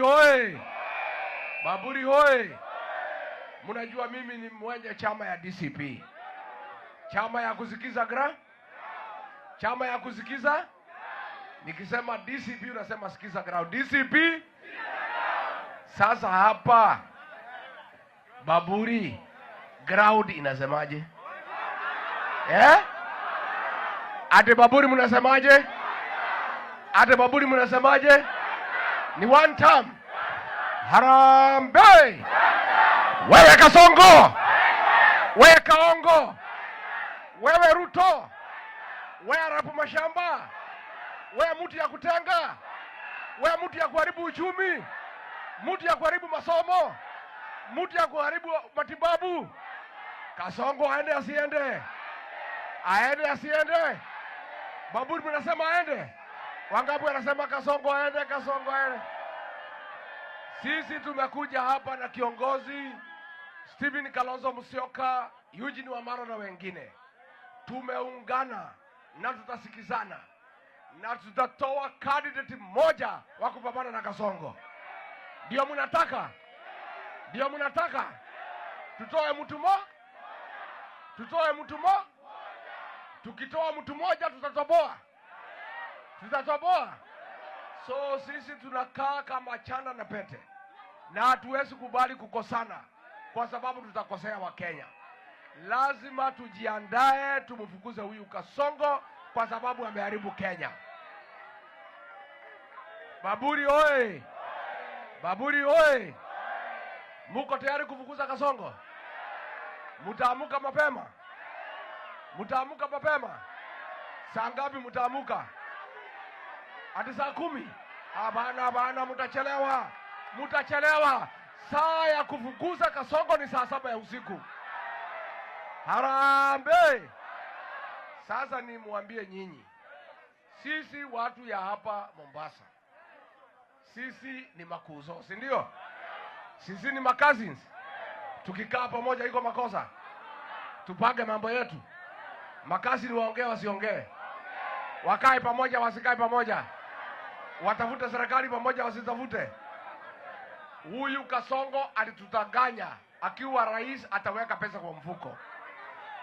Hoye. Baburi hoye. Mnajua mimi ni mwenye chama ya DCP, chama ya kusikiza gra, chama ya kusikiza. Nikisema DCP unasema sikiza gra, DCP. Sasa hapa Baburi ground inasemaje eh? Ate Baburi mnasemaje? Ate Baburi mnasemaje? ni one term. Harambe! Wewe Kasongo, wewe Kaongo, wewe Ruto, wewe Arabu mashamba, wewe mtu ya kutenga, wewe mtu ya kuharibu uchumi, mtu ya kuharibu masomo, mtu ya kuharibu matibabu. Kasongo aende asiende? Aende asiende? Baburi mnasema aende? Wangapi wanasema Kasongo aende? Kasongo aende. Sisi tumekuja hapa na kiongozi Stephen Kalonzo Musyoka, Eugene Wamaro na wengine, tumeungana na tutasikizana na tutatoa candidate mmoja wa kupambana na Kasongo. Ndio mnataka? Ndio mnataka? Tutoe mtu mmoja, Tutoe mtu mmoja. Tukitoa mtu moja tutatoboa. Tutatoboa. So sisi tunakaa kama chana na pete, na hatuwezi kubali kukosana, kwa sababu tutakosea Wakenya. Lazima tujiandae, tumfukuze huyu Kasongo kwa sababu ameharibu Kenya. Baburi oye! Baburi oye! Muko tayari kufukuza Kasongo? Mutaamuka mapema, mutaamuka mapema. Saa ngapi mutaamuka? hadi saa kumi? Abana, abana, mutachelewa, mutachelewa. Saa ya kufukuza kasongo ni saa saba ya usiku. Harambe! Sasa nimwambie nyinyi, sisi watu ya hapa Mombasa, sisi ni makuzo, si ndio? Sisi ni makazins. Tukikaa pamoja iko makosa? Tupange mambo yetu. Makazini waongee wasiongee, wakae pamoja wasikae pamoja watafute serikali pamoja, wasitafute. Huyu Kasongo alitutanganya akiwa rais ataweka pesa kwa mfuko,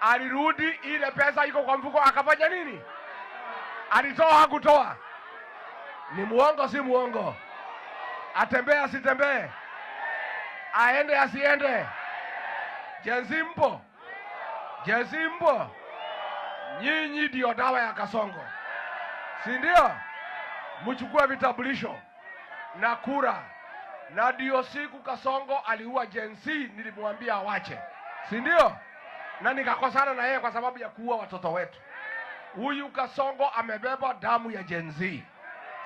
alirudi ile pesa iko kwa mfuko akafanya nini? Alitoa kutoa Ni muongo si muongo? Atembee asitembee? Aende asiende? Jenzi mpo? Jenzi mpo? Nyinyi ndio dawa ya Kasongo, si ndio? mchukua vitambulisho na kura. Na ndio siku Kasongo aliua Gen Z, nilimwambia awache, si ndio? Na nikakosana na yeye kwa sababu ya kuua watoto wetu. Huyu Kasongo amebeba damu ya Gen Z,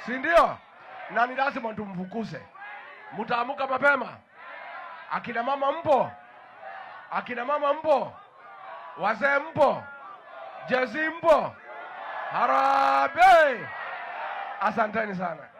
si ndio? Na ni lazima tumfukuze. Mtaamuka mapema, akina mama mpo, akina mama mpo, wazee mpo, Gen mpo, harabe Asanteni sana.